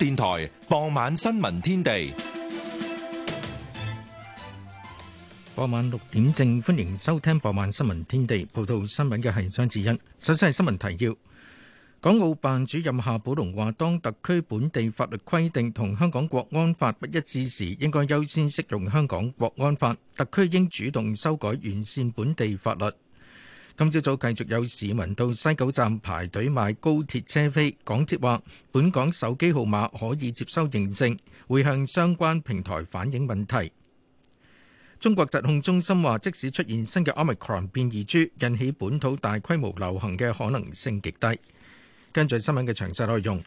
電台傍晚新聞天地，傍晚六點正歡迎收聽傍晚新聞天地。報道新聞嘅係張智欣。首先係新聞提要：港澳辦主任夏寶龍話，當特區本地法律規定同香港國安法不一致時，應該優先適用香港國安法。特區應主動修改完善本地法律。今朝早,早繼續有市民到西九站排隊買高鐵車飛，港鐵話本港手機號碼可以接收認證，會向相關平台反映問題。中國疾控中心話，即使出現新嘅 Omicron 變異株，引起本土大規模流行嘅可能性極低。跟住新聞嘅詳細內容。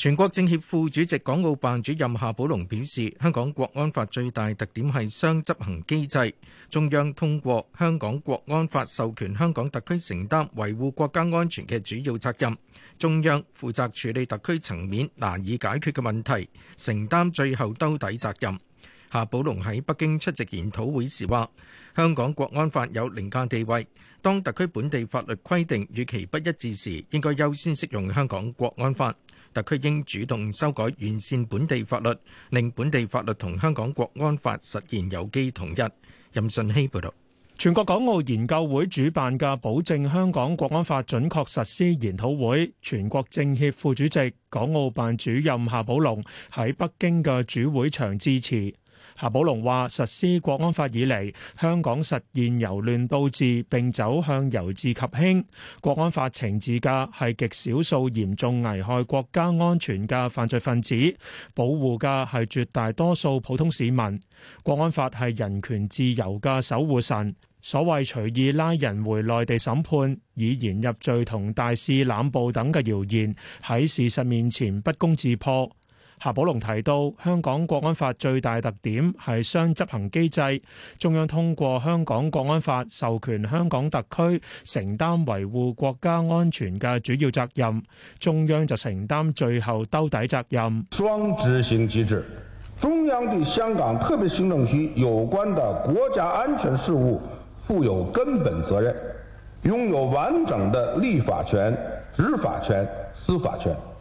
全國政協副主席、港澳辦主任夏寶龍表示，香港國安法最大特點係雙執行機制，中央通過香港國安法授權香港特區承擔維護國家安全嘅主要責任，中央負責處理特區層面難以解決嘅問題，承擔最後兜底責任。夏寶龍喺北京出席研討會時話：香港國安法有凌駕地位，當特區本地法律規定與其不一致時，應該優先適用香港國安法。特區應主動修改完善本地法律，令本地法律同香港國安法實現有機統一。任信希報導，全國港澳研究會主辦嘅保證香港國安法準確實施研討會，全國政協副主席、港澳辦主任夏寶龍喺北京嘅主會場致辭。夏寶龍話：實施國安法以嚟，香港實現由亂到治並走向由治及興。國安法懲治嘅係極少數嚴重危害國家安全嘅犯罪分子，保護嘅係絕大多數普通市民。國安法係人權自由嘅守護神。所謂隨意拉人回內地審判、以言入罪同大肆濫捕等嘅謠言，喺事實面前不攻自破。夏寶龍提到，香港國安法最大特點係雙執行機制，中央通過香港國安法授權香港特區承擔維護國家安全嘅主要責任，中央就承擔最後兜底責任。雙執行機制，中央對香港特別行政區有關的國家安全事務負有根本責任，擁有完整的立法權、執法權、司法權。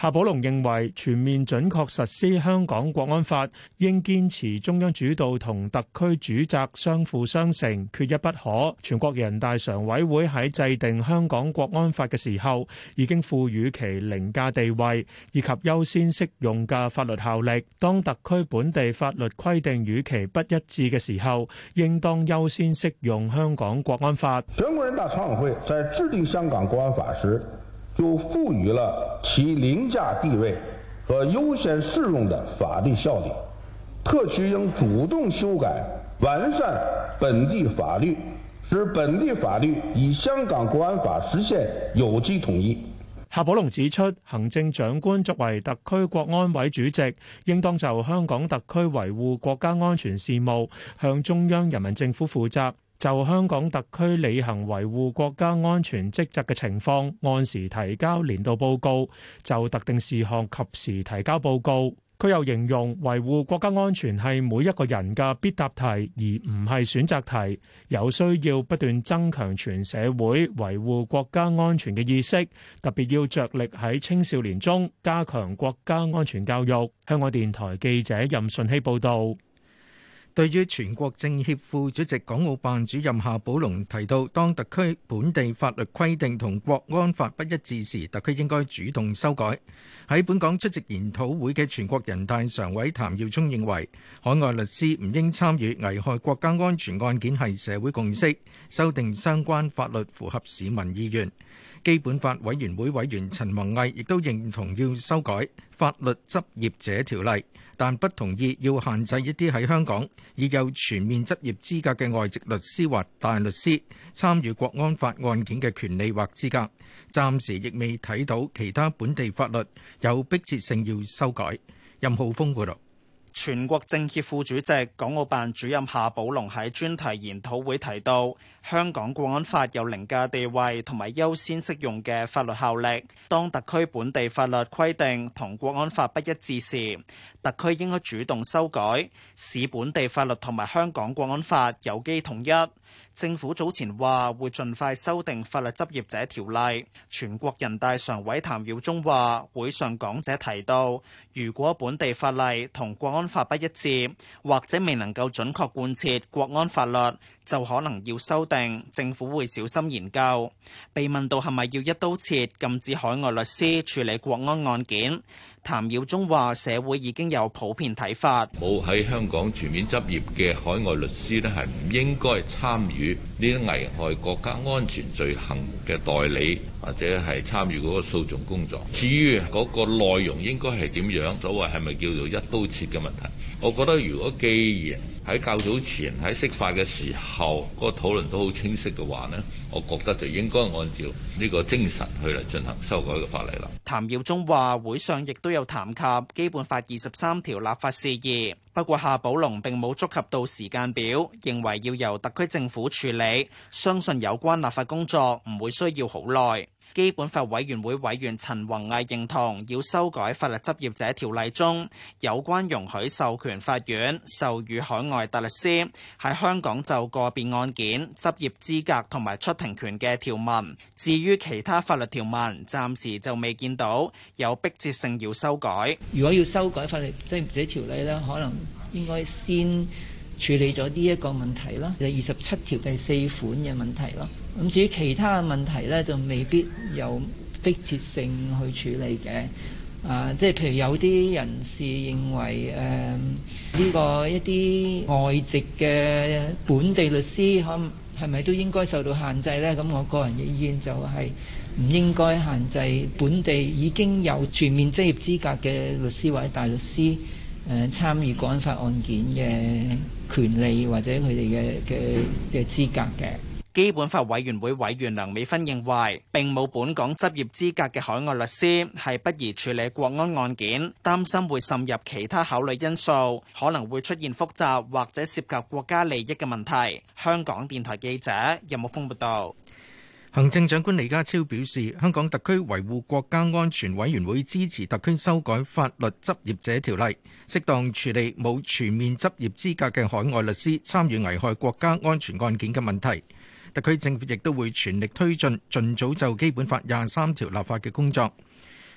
夏寶龍認為，全面準確實施香港國安法，應堅持中央主導同特區主責相輔相成，缺一不可。全國人大常委會喺制定香港國安法嘅時候，已經賦予其凌駕地位以及優先適用嘅法律效力。當特區本地法律規定與其不一致嘅時候，應當優先適用香港國安法。全國人大常委會在制定香港國安法時，就賦予了其凌駕地位和優先適用的法律效力。特區應主動修改完善本地法律，使本地法律與香港國安法實現有機統一。夏寶龍指出，行政長官作為特區國安委主席，應當就香港特區維護國家安全事務向中央人民政府負責。就香港特區履行維護國家安全職責嘅情況，按時提交年度報告；就特定事項，及時提交報告。佢又形容維護國家安全係每一個人嘅必答題，而唔係選擇題。有需要不斷增強全社會維護國家安全嘅意識，特別要着力喺青少年中加強國家安全教育。香港電台記者任順希報導。對於全國政協副主席、港澳辦主任夏寶龍提到，當特區本地法律規定同國安法不一致時，特區應該主動修改。喺本港出席研討會嘅全國人大常委譚耀宗認為，海外律師唔應參與危害國家安全案件係社會共識，修訂相關法律符合市民意願。基本法委員會委員陳弘毅亦都認同要修改法律執業者條例，但不同意要限制一啲喺香港已有全面執業資格嘅外籍律師或大律師參與國安法案件嘅權利或資格。暫時亦未睇到其他本地法律有迫切性要修改。任浩峰報導。全國政協副主席、港澳辦主任夏寶龍喺專題研討會提到，香港國安法有凌駕地位同埋優先適用嘅法律效力。當特區本地法律規定同國安法不一致時，特區應該主動修改，使本地法律同埋香港國安法有機統一。政府早前話會盡快修訂法律執業者條例。全國人大常委譚耀宗話：會上講者提到，如果本地法例同國安法不一致，或者未能夠準確貫徹國安法律，就可能要修訂。政府會小心研究。被問到係咪要一刀切禁止海外律師處理國安案件？譚耀宗話：社會已經有普遍睇法，冇喺香港全面執業嘅海外律師呢，係唔應該參與呢啲危害國家安全罪行嘅代理，或者係參與嗰個訴訟工作。至於嗰個內容應該係點樣，所謂係咪叫做一刀切嘅問題，我覺得如果既然喺較早前喺釋法嘅時候，嗰個討論都好清晰嘅話呢，我覺得就應該按照呢個精神去嚟進行修改嘅法例啦。譚耀宗話：會上亦都有談及基本法二十三條立法事宜，不過夏寶龍並冇觸及到時間表，認為要由特區政府處理，相信有關立法工作唔會需要好耐。基本法委員會委員陳弘毅認同要修改法律執業者條例中有關容許授權法院授予海外大律師喺香港就個別案件執業資格同埋出庭權嘅條文，至於其他法律條文，暫時就未見到有迫切性要修改。如果要修改法律執業者條例呢，可能應該先處理咗呢一個問題啦，就二十七條第四款嘅問題啦。咁至於其他嘅問題呢，就未必有迫切性去處理嘅。啊、呃，即係譬如有啲人士認為誒呢、嗯這個一啲外籍嘅本地律師可、可係咪都應該受到限制呢？咁我個人嘅意見就係唔應該限制本地已經有全面職業資格嘅律師或者大律師誒、呃、參與國安法案件嘅權利或者佢哋嘅嘅嘅資格嘅。基本法委員會委員梁美芬認為，並冇本港執業資格嘅海外律師係不宜處理國安案件，擔心會滲入其他考慮因素，可能會出現複雜或者涉及國家利益嘅問題。香港電台記者任木風報道。行政長官李家超表示，香港特區維護國家安全委員會支持特區修改法律執業者條例，適當處理冇全面執業資格嘅海外律師參與危害國家安全案件嘅問題。特區政府亦都會全力推進，盡早就基本法廿三條立法嘅工作。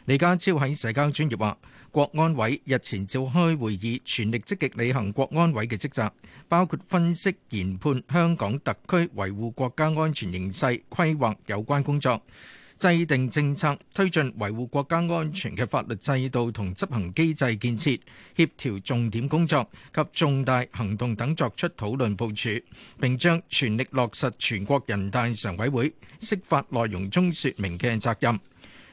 李家超喺社交專頁話。國安委日前召開會議，全力積極履行國安委嘅職責，包括分析研判香港特區維護國家安全形勢，規劃有關工作，制定政策，推進維護國家安全嘅法律制度同執行機制建設，協調重點工作及重大行動等作出討論部署，並將全力落實全國人大常委會釋法內容中說明嘅責任。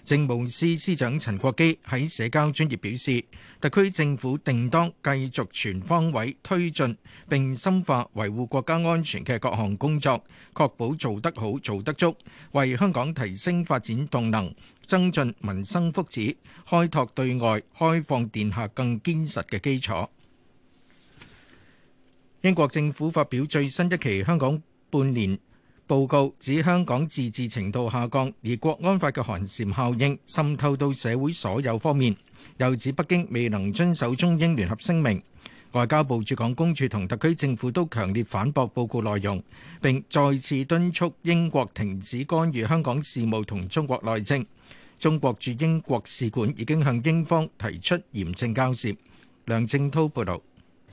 政務司司長陳國基喺社交專頁表示，特區政府定當繼續全方位推進並深化維護國家安全嘅各項工作，確保做得好做得足，為香港提升發展動能、增進民生福祉、開拓對外開放奠下更堅實嘅基礎。英國政府發表最新一期《香港半年》。報告指香港自治程度下降，而國安法嘅寒蟬效應滲透到社會所有方面，又指北京未能遵守中英聯合聲明。外交部駐港公署同特區政府都強烈反駁報告內容，並再次敦促英國停止干預香港事務同中國內政。中國駐英國使館已經向英方提出嚴正交涉。梁正滔報導。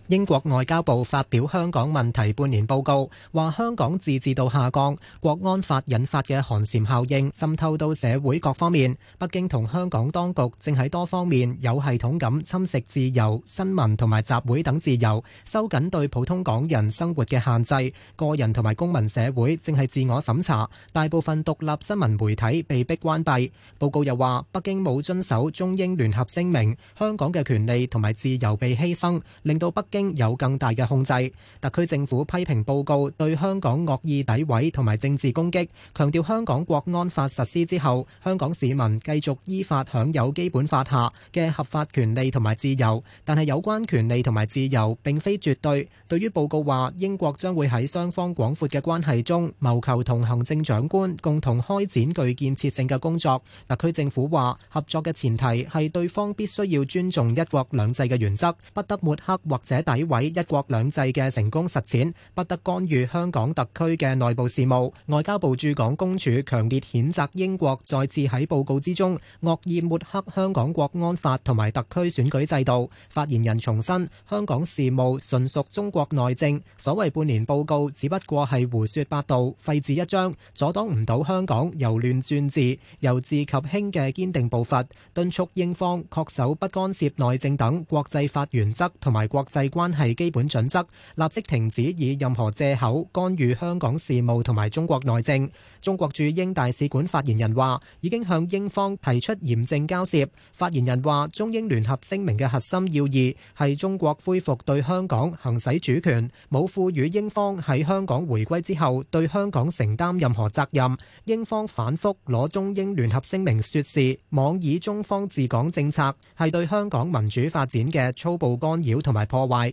英國外交部發表香港問題半年報告，話香港自治度下降，國安法引發嘅寒蟬效應滲透到社會各方面。北京同香港當局正喺多方面有系統咁侵蝕自由、新聞同埋集會等自由，收緊對普通港人生活嘅限制，個人同埋公民社會正係自我審查。大部分獨立新聞媒體被逼關閉。報告又話北京冇遵守中英聯合聲明，香港嘅權利同埋自由被犧牲，令到北京有更大嘅控制，特區政府批評報告對香港惡意詆毀同埋政治攻擊，強調香港國安法實施之後，香港市民繼續依法享有基本法下嘅合法權利同埋自由。但係有關權利同埋自由並非絕對。對於報告話英國將會喺雙方廣闊嘅關係中謀求同行政長官共同開展具建設性嘅工作，特區政府話合作嘅前提係對方必須要尊重一國兩制嘅原則，不得抹黑或者。詆毀一國兩制嘅成功實踐，不得干預香港特區嘅內部事務。外交部駐港公署強烈譴責英國再次喺報告之中惡意抹黑香港國安法同埋特區選舉制度。發言人重申，香港事務純屬中國內政，所謂半年報告只不過係胡說八道、廢紙一張，阻擋唔到香港由亂轉治、由治及興嘅堅定步伐。敦促英方恪守不干涉內政等國際法原則同埋國際。關係基本準則，立即停止以任何借口干預香港事務同埋中國內政。中國駐英大使館發言人話，已經向英方提出嚴正交涉。發言人話，中英聯合聲明嘅核心要義係中國恢復對香港行使主權，冇賦予英方喺香港回歸之後對香港承擔任何責任。英方反復攞中英聯合聲明說事，妄以中方治港政策係對香港民主發展嘅粗暴干擾同埋破壞。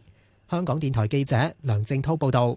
香港電台記者梁正濤報道。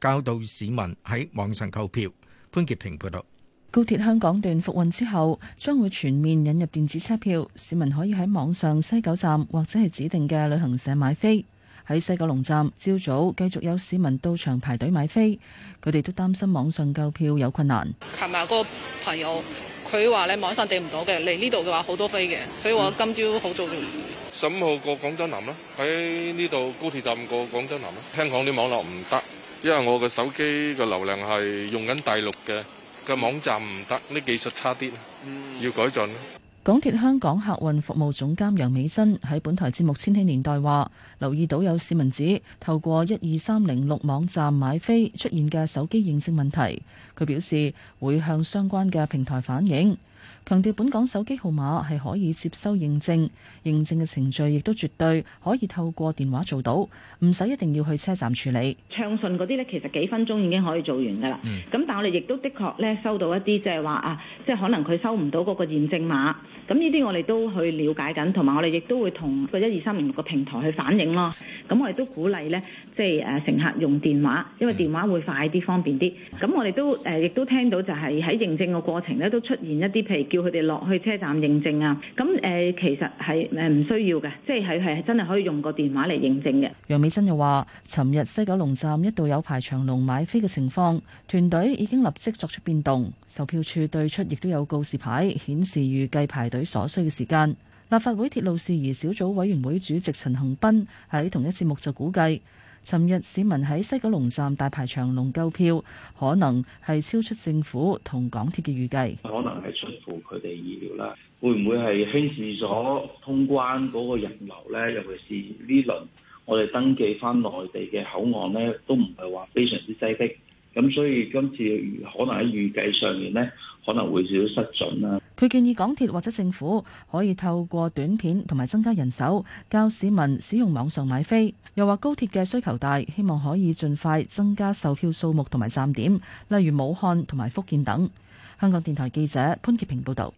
教導市民喺網上購票。潘潔平報導，高鐵香港段復運之後，將會全面引入電子車票，市民可以喺網上西九站或者係指定嘅旅行社買飛。喺西九龍站，朝早繼續有市民到場排隊買飛。佢哋都擔心網上購票有困難。琴日個朋友佢話，你網上訂唔到嘅，嚟呢度嘅話好多飛嘅，所以我今朝好早就十五號過廣州南啦，喺呢度高鐵站過廣州南啦。香港啲網絡唔得。因為我個手機個流量係用緊大陸嘅，個網站唔得，呢技術差啲，嗯、要改進。港鐵香港客運服務總監楊美珍喺本台節目《千禧年代》話，留意到有市民指透過一二三零六網站買飛出現嘅手機認證問題，佢表示會向相關嘅平台反映。強調本港手機號碼係可以接收認證，認證嘅程序亦都絕對可以透過電話做到，唔使一定要去車站處理。暢順嗰啲咧，其實幾分鐘已經可以做完㗎啦。咁、mm. 但係我哋亦都的確咧收到一啲即係話啊，即係可能佢收唔到嗰個驗證碼。咁呢啲我哋都去了解緊，同埋我哋亦都會同個一二三零六個平台去反映咯。咁我哋都鼓勵咧，即係誒乘客用電話，因為電話會快啲、mm. 方便啲。咁我哋都誒亦都聽到就係喺認證嘅過程咧都出現一啲譬如叫，要佢哋落去車站認證啊，咁誒其實係誒唔需要嘅，即係係係真係可以用個電話嚟認證嘅。楊美珍又話尋日西九龍站一度有排長龍買飛嘅情況，團隊已經立即作出變動，售票處對出亦都有告示牌顯示預計排隊所需嘅時間。立法會鐵路事宜小組委員會主席陳恒斌喺同一節目就估計。尋日市民喺西九龍站大排長龍購票，可能係超出政府同港鐵嘅預計，可能係出乎佢哋意料啦。會唔會係輕視咗通關個人流咧？尤其是呢輪我哋登記翻內地嘅口岸咧，都唔係話非常之擠迫，咁所以今次可能喺預計上面咧，可能會少失準啦。佢建議港鐵或者政府可以透過短片同埋增加人手，教市民使用網上買飛。又話高鐵嘅需求大，希望可以盡快增加售票數目同埋站點，例如武漢同埋福建等。香港電台記者潘潔平報道，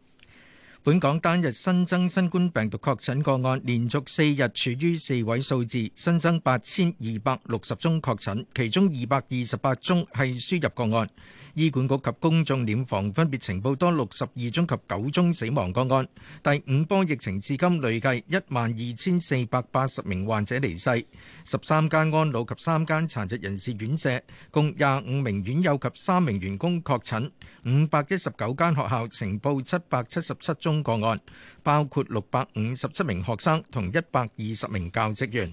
本港單日新增新冠病毒確診個案，連續四日處於四位數字，新增八千二百六十宗確診，其中二百二十八宗係輸入個案。醫管局及公眾殮房分別呈報多六十二宗及九宗死亡個案，第五波疫情至今累計一萬二千四百八十名患者離世。十三間安老及三間殘疾人士院舍，共廿五名院友及三名員工確診。五百一十九間學校呈報七百七十七宗個案，包括六百五十七名學生同一百二十名教職員。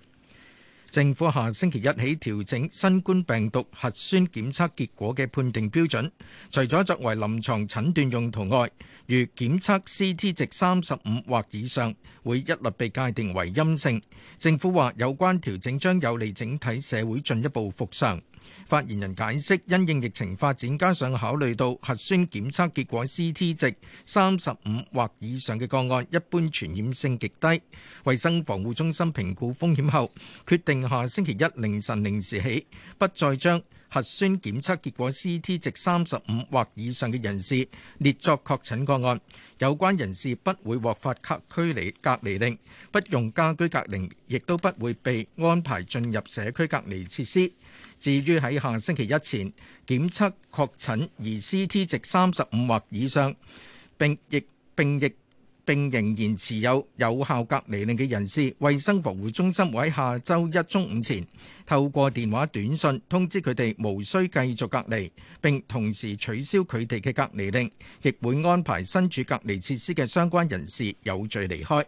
政府下星期一起調整新冠病毒核酸檢測結果嘅判定標準，除咗作為臨床診斷用途外，如檢測 CT 值三十五或以上，會一律被界定為陰性。政府話有關調整將有利整體社會進一步復常。發言人解釋，因應疫情發展，加上考慮到核酸檢測結果 CT 值三十五或以上嘅個案，一般傳染性極低。衛生防護中心評估風險後，決定下星期一凌晨零時起不再將。核酸檢測結果 CT 值三十五或以上嘅人士列作確診個案，有關人士不會獲發隔離隔離令，不用家居隔離，亦都不會被安排進入社區隔離設施。至於喺下星期一前檢測確診而 CT 值三十五或以上，並亦並亦。並仍然持有有效隔離令嘅人士，衛生防護中心會喺下週一中午前透過電話短信通知佢哋無需繼續隔離，並同時取消佢哋嘅隔離令，亦會安排身處隔離設施嘅相關人士有序離開。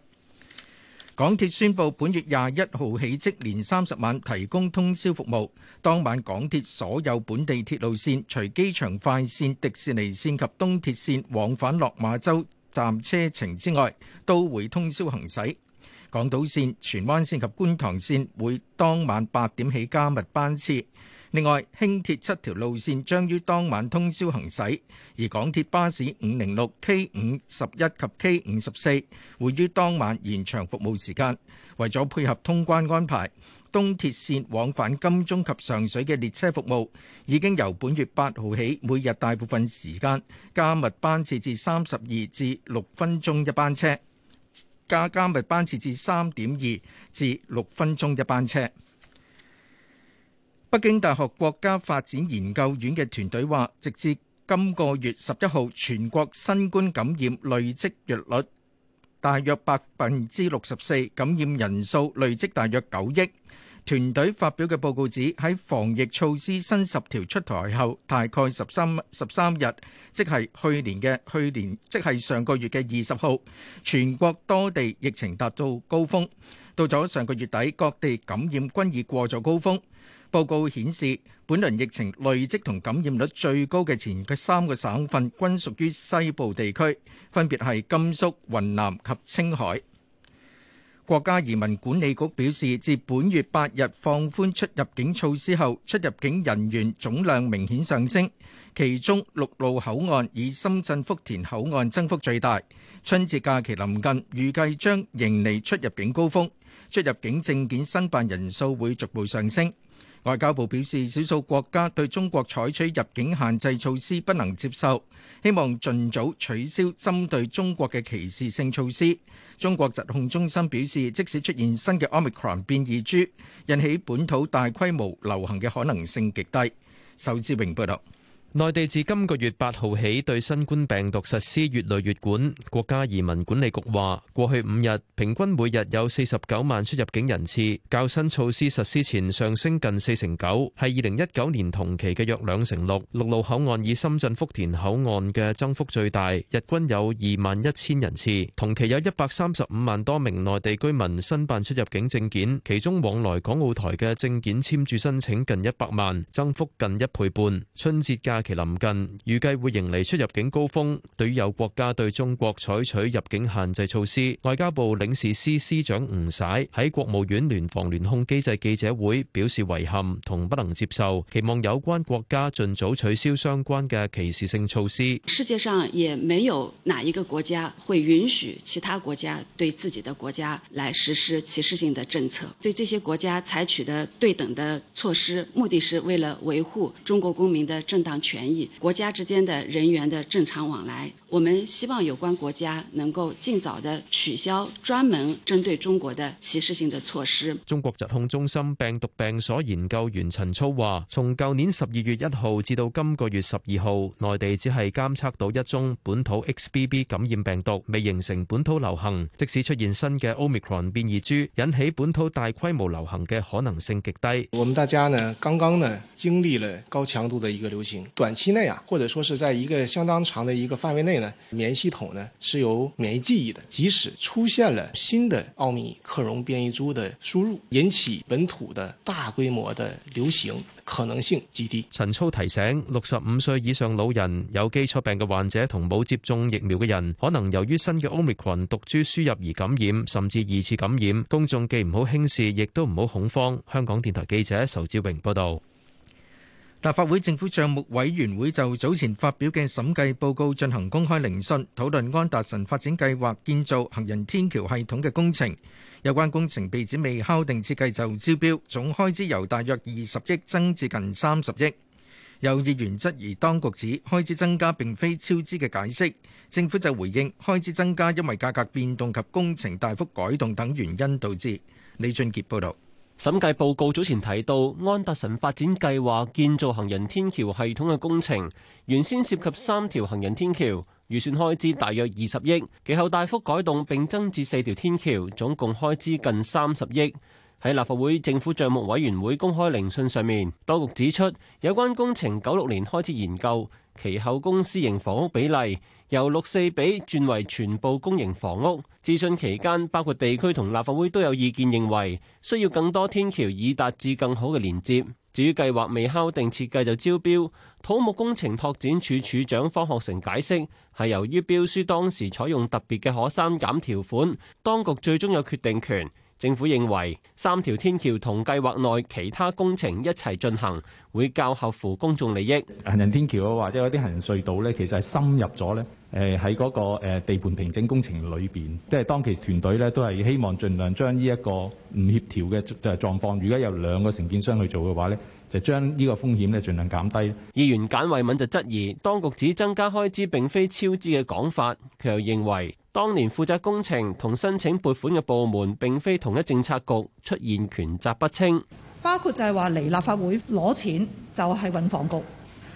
港鐵宣布本月廿一號起即連三十晚提供通宵服務。當晚港鐵所有本地鐵路線，除機場快線、迪士尼線及東鐵線往返落馬洲。站車程之外，都會通宵行駛。港島線、荃灣線及觀塘線會當晚八點起加密班次。另外，輕鐵七條路線將於當晚通宵行駛，而港鐵巴士506、K51 及 K54 會於當晚延長服務時間，為咗配合通關安排。東鐵綫往返金鐘及上水嘅列車服務，已經由本月八號起，每日大部分時間加密班次至三十二至六分鐘一班車，加加密班次至三點二至六分鐘一班車。北京大學國家發展研究院嘅團隊話，直至今個月十一號，全國新冠感染累積月率，大約百分之六十四，感染人數累積大約九億。團隊發表嘅報告指，喺防疫措施新十條出台後，大概十三十三日，即係去年嘅去年，即係上個月嘅二十號，全國多地疫情達到高峰。到咗上個月底，各地感染均已過咗高峰。報告顯示，本輪疫情累積同感染率最高嘅前嘅三個省份均屬於西部地區，分別係甘肅、雲南及青海。國家移民管理局表示，自本月八日放寬出入境措施後，出入境人員總量明顯上升，其中陸路口岸以深圳福田口岸增幅最大。春節假期臨近，預計將迎嚟出入境高峰，出入境證件申辦人數會逐步上升。外交部表示，少數國家對中國採取入境限制措施不能接受，希望盡早取消針對中國嘅歧視性措施。中國疾控中心表示，即使出現新嘅 Omicron 變異株，引起本土大規模流行嘅可能性極低。仇志榮報道。內地自今個月八號起對新冠病毒實施乙類乙管。國家移民管理局話，過去五日平均每日有49萬出入境人次，較新措施實施前上升近四成九，係2019年同期嘅約兩成六。陸路口岸以深圳福田口岸嘅增幅最大，日均有2萬1千人次。同期有一百三十五萬多名內地居民申辦出入境證件，其中往來港澳台嘅證件簽注申請近一百萬，增幅近一倍半。春節假假期臨近，預計會迎嚟出入境高峰。對於有國家對中國採取入境限制措施，外交部領事司司長吳璽喺國務院聯防聯控機制記者會表示遺憾同不能接受，期望有關國家盡早取消相關嘅歧視性措施。世界上也沒有哪一個國家會允許其他國家對自己的國家來實施歧視性的政策，對這些國家採取的對等的措施，目的是為了維護中國公民的正當權。權益，國家之間的人員的正常往來。我們希望有關國家能夠盡早的取消專門針對中國的歧視性的措施。中國疾控中心病毒病所研究員陳操話，從舊年十二月一號至到今個月十二號，內地只係監測到一宗本土 XBB 感染病毒，未形成本土流行。即使出現新嘅 Omicron 變異株，引起本土大規模流行嘅可能性極低。我們大家呢，剛剛呢，經歷了高強度的一個流行，短期內啊，或者說是在一個相當長的一個範圍內。免疫系統呢，是有免疫記憶的，即使出現了新的奧密克戎變異株的輸入，引起本土的大規模的流行可能性極低。陳操提醒，六十五歲以上老人、有基礎病嘅患者同冇接種疫苗嘅人，可能由於新嘅奧密克戎毒株輸入而感染，甚至二次感染。公眾既唔好輕視，亦都唔好恐慌。香港電台記者仇志榮報道。立法會政府帳目委員會就早前發表嘅審計報告進行公開聆訊，討論安達臣發展計劃建造行人天橋系統嘅工程。有關工程被指未敲定設計就招標，總開支由大約二十億增至近三十億。有議員質疑當局指開支增加並非超支嘅解釋，政府就回應開支增加因為價格變動及工程大幅改動等原因導致。李俊傑報導。審計報告早前提到，安達臣發展計劃建造行人天橋系統嘅工程，原先涉及三條行人天橋，預算開支大約二十億，其後大幅改動並增至四條天橋，總共開支近三十億。喺立法會政府賬目委員會公開聆訊上面，當局指出，有關工程九六年開始研究，其後公私營房屋比例。由六四比轉為全部公營房屋，諮詢期間，包括地區同立法會都有意見，認為需要更多天橋，以達至更好嘅連接。至於計劃未敲定設計就招標，土木工程拓展處處長方學成解釋，係由於標書當時採用特別嘅可刪減條款，當局最終有決定權。政府認為三條天橋同計劃內其他工程一齊進行，會較合乎公眾利益。行人天橋啊，或者嗰啲行人隧道呢，其實係深入咗呢誒喺嗰個地盤平整工程裏邊，即係當其團隊呢，都係希望儘量將呢一個唔協調嘅狀況，如果有兩個承建商去做嘅話呢，就將呢個風險呢儘量減低。議員簡慧敏就質疑，當局只增加開支並非超支嘅講法，佢又認為。當年負責工程同申請撥款嘅部門並非同一政策局，出現權責不清。包括就係話嚟立法會攞錢就係運房局，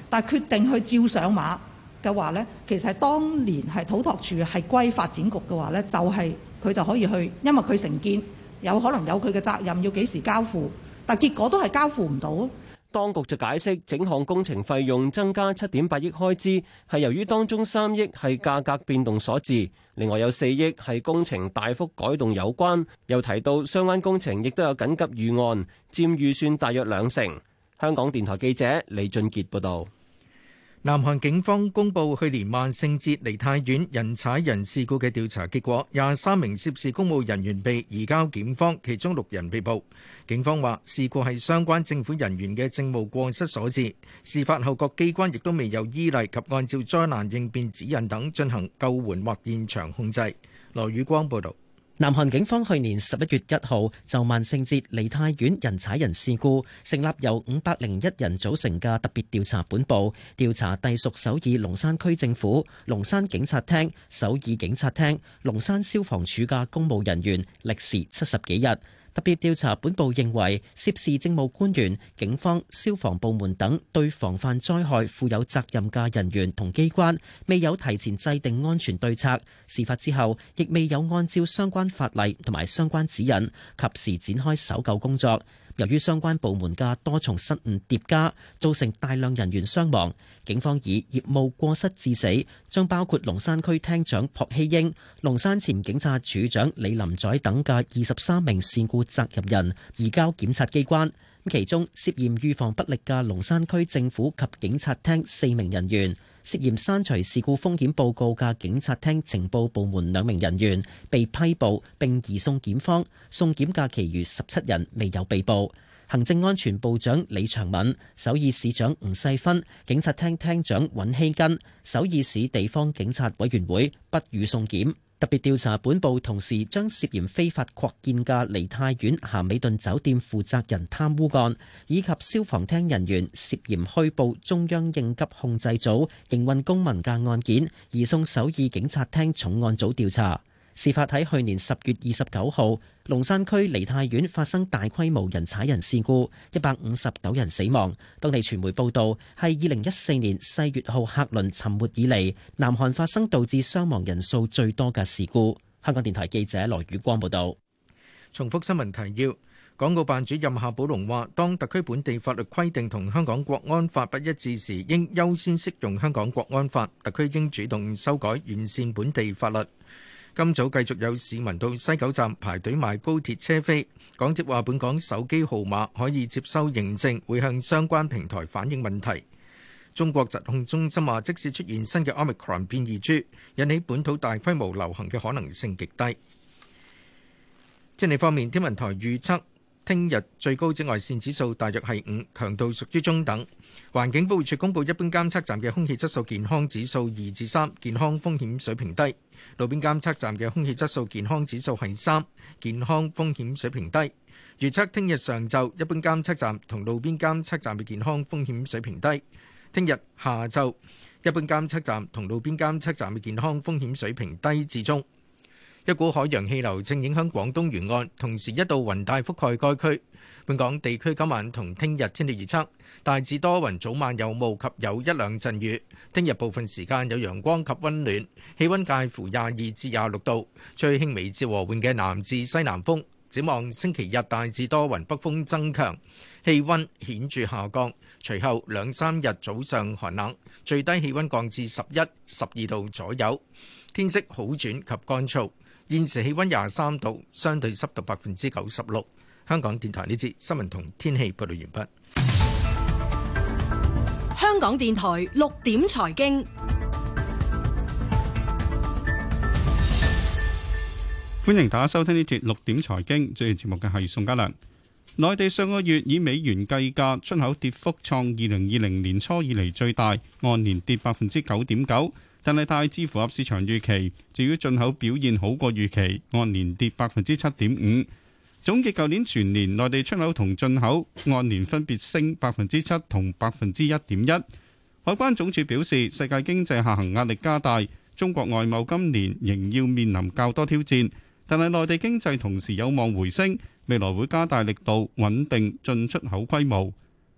但係決定去照上馬嘅話呢，其實當年係土托處係歸發展局嘅話呢，就係、是、佢就可以去，因為佢承建有可能有佢嘅責任，要幾時交付，但係結果都係交付唔到。當局就解釋，整項工程費用增加七點八億開支，係由於當中三億係價格變動所致，另外有四億係工程大幅改動有關。又提到相關工程亦都有緊急預案，佔預算大約兩成。香港電台記者李俊傑報導。南韓警方公布去年萬聖節梨泰院人踩人事故嘅調查結果，廿三名涉事公務人員被移交檢方，其中六人被捕。警方話事故係相關政府人員嘅政務過失所致。事發後各機關亦都未有依例及按照災難應變指引等進行救援或現場控制。羅宇光報道。南韓警方去年十一月一號就萬聖節梨泰院人踩人事故，成立由五百零一人組成嘅特別調查本部，調查隸屬首爾龍山區政府、龍山警察廳、首爾警察廳、龍山消防署嘅公務人員，歷時七十幾日。特別調查本部認為，涉事政務官員、警方、消防部門等對防範災害負有責任嘅人員同機關，未有提前制定安全對策，事發之後亦未有按照相關法例同埋相關指引，及時展開搜救工作。由於相關部門嘅多重失誤疊加，造成大量人員傷亡，警方以業務過失致死，將包括龍山區廳長朴熙英、龍山前警察署長李林宰等嘅二十三名事故責任人移交檢察機關。其中涉嫌預防不力嘅龍山區政府及警察廳四名人員。涉嫌刪除事故風險報告嘅警察廳情報部門兩名人員被批捕並移送檢方，送檢嘅其餘十七人未有被捕。行政安全部長李長敏、首爾市長吳世勳、警察廳廳長尹希根、首爾市地方警察委員會不予送檢。特別調查本部同時將涉嫌非法擴建嘅梨泰院咸美頓酒店負責人貪污案，以及消防廳人員涉嫌虛報中央應急控制組營運公文嘅案件，移送首爾警察廳重案組調查。事發喺去年十月二十九號，龍山區梨泰院發生大規模人踩人事故，一百五十九人死亡。當地傳媒報道係二零一四年四月號客輪沉沒以嚟，南韓發生導致傷亡人數最多嘅事故。香港電台記者羅宇光報導。重複新聞提要：港澳辦主任夏寶龍話，當特區本地法律規定同香港國安法不一致時，應優先適用香港國安法，特區應主動修改完善本地法律。今早繼續有市民到西九站排隊買高鐵車飛。港鐵話本港手機號碼可以接收認證，會向相關平台反映問題。中國疾控中心話，即使出現新嘅 Omicron 變異株，引起本土大規模流行嘅可能性極低。天氣方面，天文台預測。聽日最高紫外線指數大約係五，強度屬於中等。環境保護署公布一般監測站嘅空氣質素健康指數二至三，健康風險水平低；路邊監測站嘅空氣質素健康指數係三，健康風險水平低。預測聽日上晝一般監測站同路邊監測站嘅健康風險水平低；聽日下晝一般監測站同路邊監測站嘅健康風險水平低至中。一股海洋氣流正影響廣東沿岸，同時一道雲帶覆蓋該區。本港地區今晚同聽日天氣預測大致多雲，早晚有霧及有一兩陣雨。聽日部分時間有陽光及溫暖，氣溫介乎廿二至廿六度。吹輕微至和緩嘅南至西南風。展望星期日大致多雲，北風增強，氣溫顯著下降。隨後兩三日早上寒冷，最低氣溫降至十一、十二度左右。天色好轉及乾燥。現時氣溫廿三度，相對濕度百分之九十六。香港電台呢節新聞同天氣報道完畢。香港電台六點財經，歡迎大家收聽呢節六點財經。主持節目嘅係宋嘉良。內地上個月以美元計價出口跌幅創二零二零年初以嚟最大，按年跌百分之九點九。但係大致符合市場預期，至於進口表現好過預期，按年跌百分之七點五。總結舊年全年內地出口同進口按年分別升百分之七同百分之一點一。海關總署表示，世界經濟下行壓力加大，中國外貿今年仍要面臨較多挑戰，但係內地經濟同時有望回升，未來會加大力度穩定進出口規模。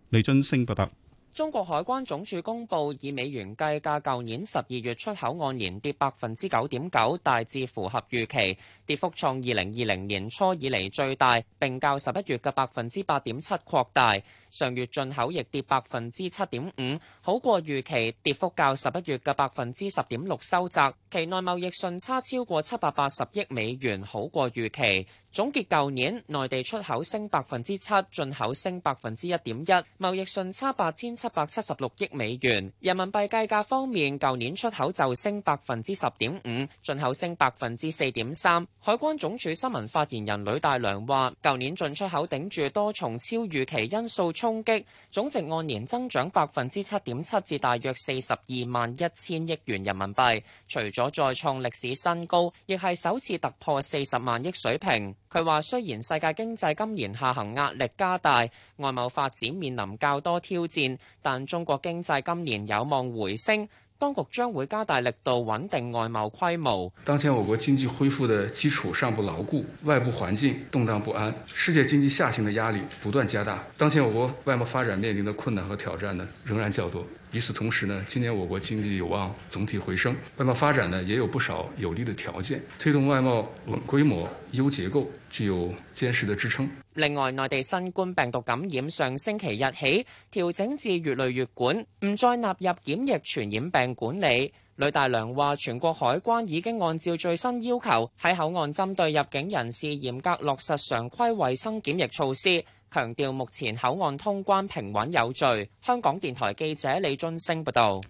李津升報道。中國海關總署公布以美元計價，舊年十二月出口按年跌百分之九點九，大致符合預期，跌幅創二零二零年初以嚟最大，並較十一月嘅百分之八點七擴大。上月進口亦跌百分之七點五，好過預期，跌幅較十一月嘅百分之十點六收窄。期內貿易順差超過七百八十億美元，好過預期。總結舊年，內地出口升百分之七，進口升百分之一點一，貿易順差八千七百七十六億美元。人民幣計價方面，舊年出口就升百分之十點五，進口升百分之四點三。海關總署新聞發言人呂大良話，舊年進出口頂住多重超預期因素。衝擊總值按年增長百分之七點七，至大約四十二萬一千億元人民幣。除咗再創歷史新高，亦係首次突破四十萬億水平。佢話：雖然世界經濟今年下行壓力加大，外貿發展面臨較多挑戰，但中國經濟今年有望回升。當局將會加大力度穩定外貿規模。當前我國經濟恢復的基礎尚不牢固，外部環境動蕩不安，世界經濟下行的壓力不斷加大。當前我國外貿發展面臨的困難和挑戰呢，仍然較多。與此同時呢，今年我國經濟有望總體回升。外貿發展呢，也有不少有利的條件，推動外貿穩規模、優結構，具有堅實的支撐。另外，內地新冠病毒感染上星期日起，調整至乙類乙管，唔再納入檢疫傳染病管理。呂大良話，全國海關已經按照最新要求，喺口岸針對入境人士嚴格落實常規衛生檢疫措施。強調目前口岸通關平穩有序。香港電台記者李津升報道。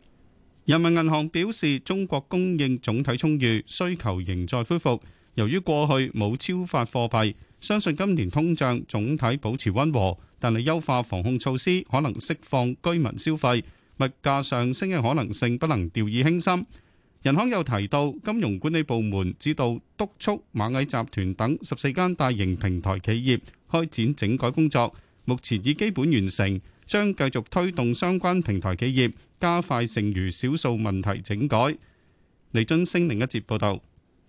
人民銀行表示，中國供應總體充裕，需求仍在恢復。由於過去冇超發貨幣，相信今年通脹總體保持温和。但係優化防控措施可能釋放居民消費物價上升嘅可能性，不能掉以輕心。人行又提到，金融管理部門指導督促螞蟻集團等十四間大型平台企業開展整改工作，目前已基本完成，將繼續推動相關平台企業加快剩餘少數問題整改。李津星另一節報道。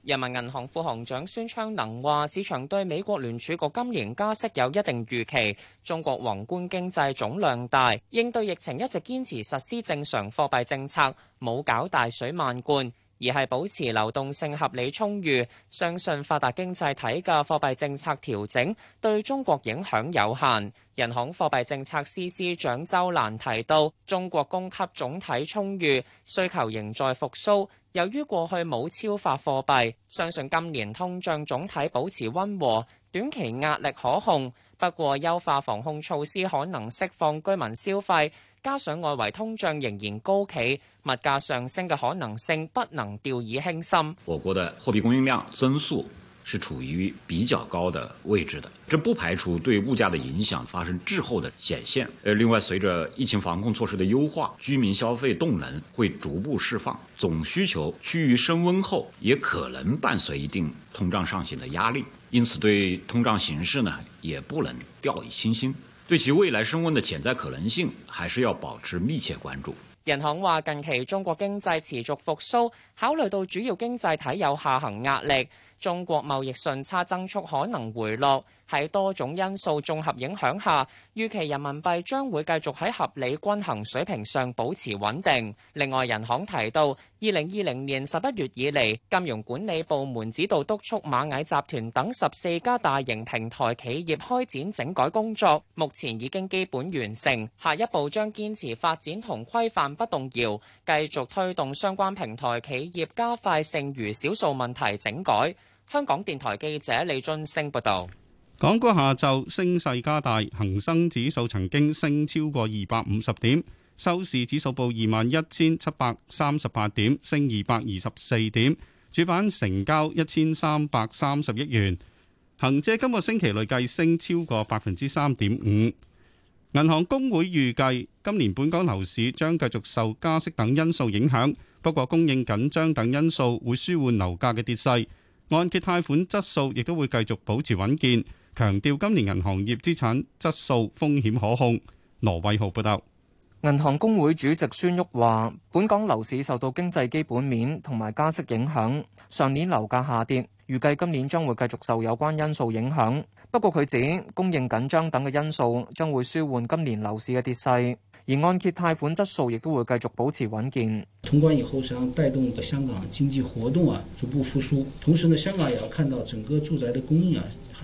人民銀行副行長孫昌能話，市場對美國聯儲局今年加息有一定預期。中國宏觀經濟總量大，應對疫情一直堅持實施正常貨幣政策，冇搞大水漫灌。而係保持流動性合理充裕，相信發達經濟體嘅貨幣政策調整對中國影響有限。人行貨幣政策司司長周蘭提到，中國供給總體充裕，需求仍在復甦。由於過去冇超發貨幣，相信今年通脹總體保持溫和，短期壓力可控。不過，優化防控措施可能釋放居民消費。加上外圍通脹仍然高企，物價上升嘅可能性不能掉以輕心。我國的貨幣供應量增速是處於比較高的位置的，這不排除對物價的影響發生滯後的顯現。而另外，隨着疫情防控措施的優化，居民消費動能會逐步釋放，總需求趨於升溫後也可能伴隨一定通脹上行的壓力。因此，對通脹形勢呢，也不能掉以輕心。對其未來升温的潛在可能性，還是要保持密切關注。人行話近期中國經濟持續復甦，考慮到主要經濟體有下行壓力，中國貿易順差增速可能回落。喺多種因素綜合影響下，預期人民幣將會繼續喺合理均衡水平上保持穩定。另外，人行提到，二零二零年十一月以嚟，金融管理部門指導督促螞蟻集團等十四家大型平台企業開展整改工作，目前已經基本完成。下一步將堅持發展同規範不動搖，繼續推動相關平台企業加快剩餘少數問題整改。香港電台記者李進升報導。港股下晝升勢加大，恒生指數曾經升超過二百五十點，收市指數報二萬一千七百三十八點，升二百二十四點，主板成交一千三百三十億元。恒指今個星期累計升超過百分之三點五。銀行公會預計今年本港樓市將繼續受加息等因素影響，不過供應緊張等因素會舒緩樓價嘅跌勢。按揭貸款質素亦都會繼續保持穩健。強調今年銀行業資產質素風險可控。羅偉豪報道，銀行公會主席孫旭話，本港樓市受到經濟基本面同埋加息影響，上年樓價下跌，預計今年將會繼續受有關因素影響。不過佢指供應緊張等嘅因素將會舒緩今年樓市嘅跌勢，而按揭貸款質素亦都會繼續保持穩健。通關以後，想帶動香港經濟活動啊，逐步復甦。同時呢，香港也要看到整個住宅的供應啊。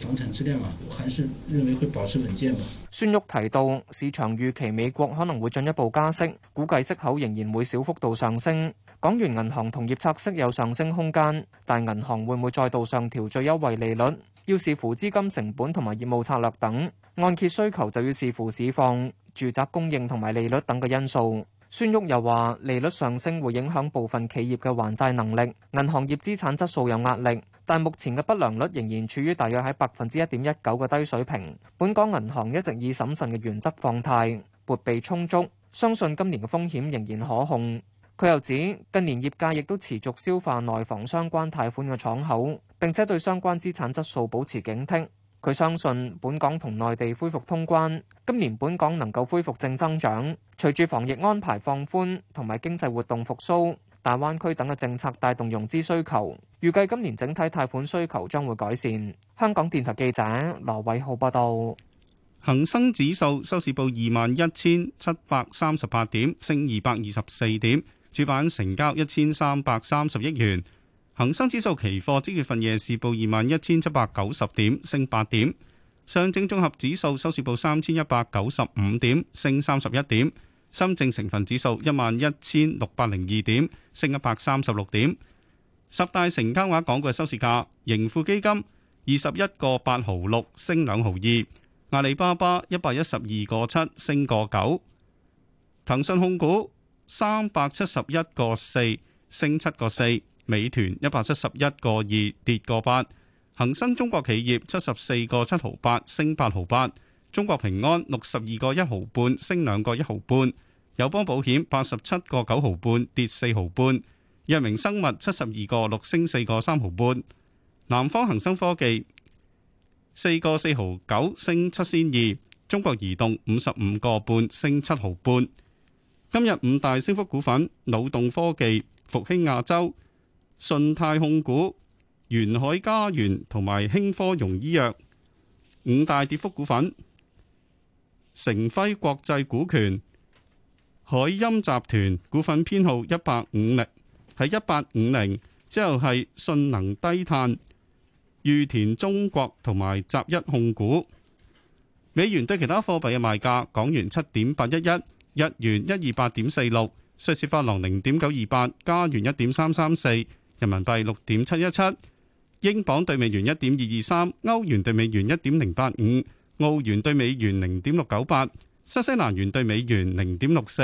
房產質量啊，我還是認為會保持穩健吧。孫旭提到，市場預期美國可能會進一步加息，估計息口仍然會小幅度上升。港元銀行同業拆息有上升空間，但銀行會唔會再度上調最優惠利率，要視乎資金成本同埋業務策略等。按揭需求就要視乎市況、住宅供應同埋利率等嘅因素。孫旭又話：利率上升會影響部分企業嘅還債能力，銀行業資產質素有壓力，但目前嘅不良率仍然處於大約喺百分之一點一九嘅低水平。本港銀行一直以審慎嘅原則放貸，撥備充足，相信今年嘅風險仍然可控。佢又指，近年業界亦都持續消化內房相關貸款嘅敞口，並且對相關資產質素保持警惕。佢相信本港同內地恢復通關，今年本港能夠恢復正增長，隨住防疫安排放寬同埋經濟活動復甦，大灣區等嘅政策帶動融資需求，預計今年整體貸款需求將會改善。香港電台記者羅偉浩報道。恒生指數收市報二萬一千七百三十八點，升二百二十四點，主板成交一千三百三十億元。恒生指數期貨即月份夜市報二萬一千七百九十點，升八點。上證綜合指數收市報三千一百九十五點，升三十一點。深證成分指數一萬一千六百零二點，升一百三十六點。十大成交話講嘅收市價：盈富基金二十一個八毫六，升兩毫二；阿里巴巴一百一十二個七，升個九；騰訊控股三百七十一個四，升七個四。美團一百七十一個二，跌個八，恒生中國企業七十四個七毫八，升八毫八，中國平安六十二個一毫半，升兩個一毫半，友邦保險八十七個九毫半，跌四毫半，藥明生物七十二個六，升四個三毫半，南方恒生科技四個四毫九，升七仙二，中國移動五十五個半，升七毫半。今日五大升幅股份：腦動科技、復興亞洲。信泰控股、沿海家園同埋興科融醫藥五大跌幅股份，成輝國際股權、海音集團股份編號一八五零，係一八五零，之後係信能低碳、裕田中國同埋集一控股。美元對其他貨幣嘅賣價：港元七點八一一，日元一二八點四六，瑞士法郎零點九二八，加元一點三三四。人民幣六點七一七，英鎊兌美元一點二二三，歐元兌美元一點零八五，澳元兌美元零點六九八，新西蘭元兌美元零點六四。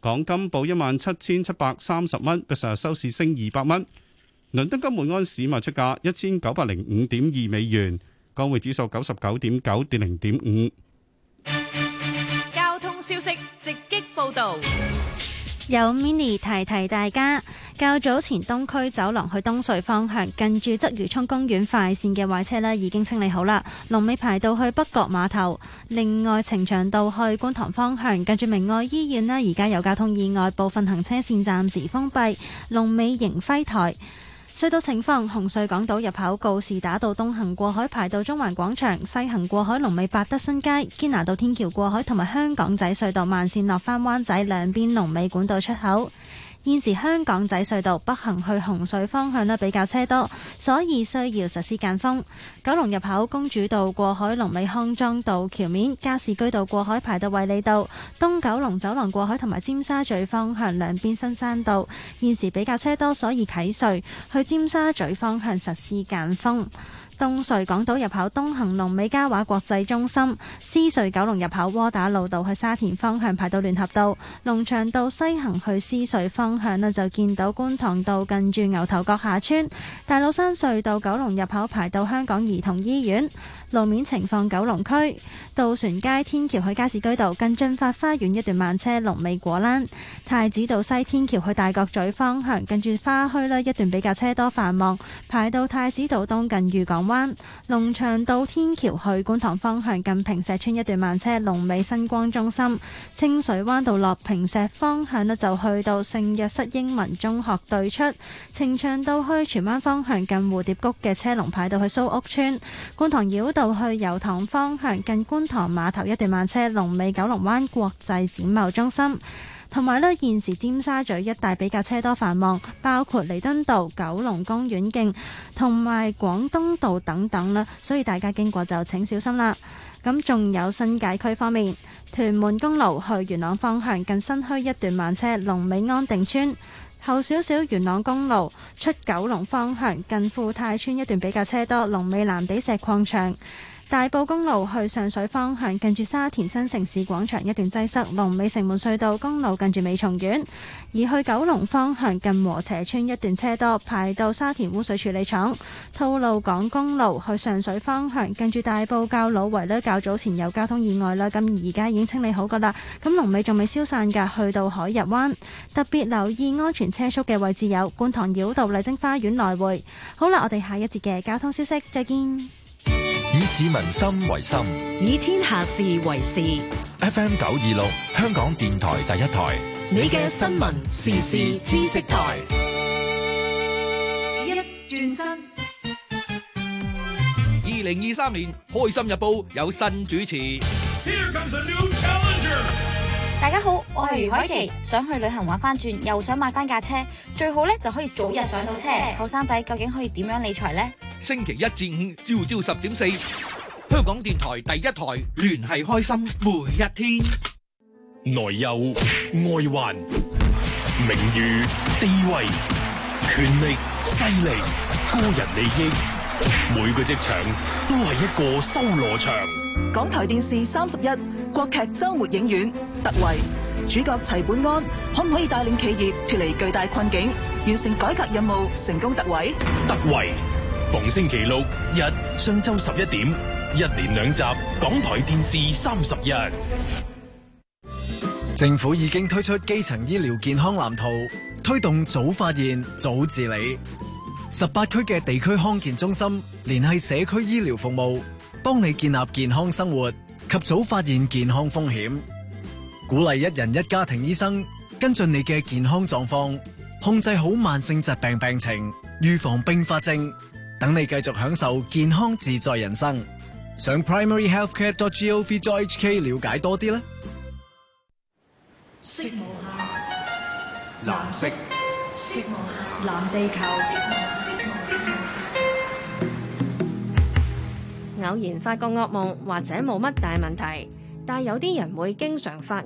港金報一萬七千七百三十蚊，今日收市升二百蚊。倫敦金每安士賣出價一千九百零五點二美元，港匯指數九十九點九跌零點五。交通消息直擊報道。有 mini 提提大家，較早前東區走廊去東隧方向，近住鰂魚涌公園快綫嘅壞車已經清理好啦。龍尾排到去北角碼頭，另外呈祥道去觀塘方向，近住明愛醫院呢，而家有交通意外，部分行車綫暫時封閉，龍尾迎輝台。隧道情況，紅隧港島入口告士打道東行過海排到中環廣場，西行過海龍尾百德新街堅拿道天橋過海同埋香港仔隧道慢線落返灣仔兩邊龍尾管道出口。現時香港仔隧道北行去紅隧方向呢，比較車多，所以需要實施間封。九龍入口公主道過海龍尾康莊道橋面，加士居道過海排到衛理道，東九龍走廊過海同埋尖沙咀方向兩邊新山道，現時比較車多，所以啟隧去尖沙咀方向實施間封，東隧港島入口東行龍尾嘉華國際中心，獅隧九龍入口窩打老道去沙田方向排到聯合道，龍翔道西行去獅隧方向呢就見到觀塘道近住牛頭角下村，大老山隧道九龍入口排到香港兒童醫院。路面情況，九龍區渡船街天橋去加士居道近駿發花園一段慢車，龍尾果欄；太子道西天橋去大角咀方向近住花墟一段比較車多繁忙，排到太子道東近譽港灣；龍翔道天橋去觀塘方向近坪石邨一段慢車，龍尾新光中心；清水灣道落坪石方向就去到聖若瑟英文中學對出；呈祥道去荃灣方向近蝴蝶谷嘅車龍排到去蘇屋村觀塘繞道。去油塘方向近觀塘碼頭一段慢車，龍尾九龍灣國際展貿中心。同埋呢現時尖沙咀一帶比較車多繁忙，包括彌敦道、九龍公園徑同埋廣東道等等啦，所以大家經過就請小心啦。咁仲有新界區方面，屯門公路去元朗方向近新墟一段慢車，龍尾安定村。後少少元朗公路出九龍方向，近富泰村一段比較車多，龍尾藍地石礦場。大埔公路去上水方向，近住沙田新城市廣場一段擠塞；龍尾城門隧道公路近住美松苑，而去九龍方向近和斜村一段車多，排到沙田污水處理廠。吐露港公路去上水方向，近住大埔滘老圍呢，較早前有交通意外啦，咁而家已經清理好噶啦。咁龍尾仲未消散噶，去到海日灣。特別留意安全車速嘅位置有觀塘繞道麗晶花園來回。好啦，我哋下一節嘅交通消息再見。以市民心為心，以天下事為事。FM 九二六，香港電台第一台。你嘅新聞時事知識台。一轉身，二零二三年《開心日報》有新主持。Here 大家好，我係余凱琪，想去旅行玩翻轉，又想買翻架車，最好咧就可以早日上到車。後生仔究竟可以點樣理財呢？星期一至五，朝朝十點四，香港電台第一台，聯繫開心每一天。內憂外患，名譽地位、權力勢力、個人利益，每個職場都係一個修羅場。港台電視三十一國劇周末影院突圍，主角齊本安可唔可以帶領企業脫離巨大困境，完成改革任務，成功突圍？突圍逢星期六日上晝十一點，一連兩集。港台電視三十一。政府已經推出基層醫療健康藍圖，推動早發現、早治理。十八區嘅地區康健中心聯繫社區醫療服務。幫你建立健康生活，及早發現健康風險，鼓勵一人一家庭醫生跟進你嘅健康狀況，控制好慢性疾病病情，預防併發症，等你繼續享受健康自在人生。上 primaryhealthcare.gov.hk 了解多啲咧。色母，藍色。色母藍地球。偶然發個噩夢或者冇乜大問題，但係有啲人會經常發。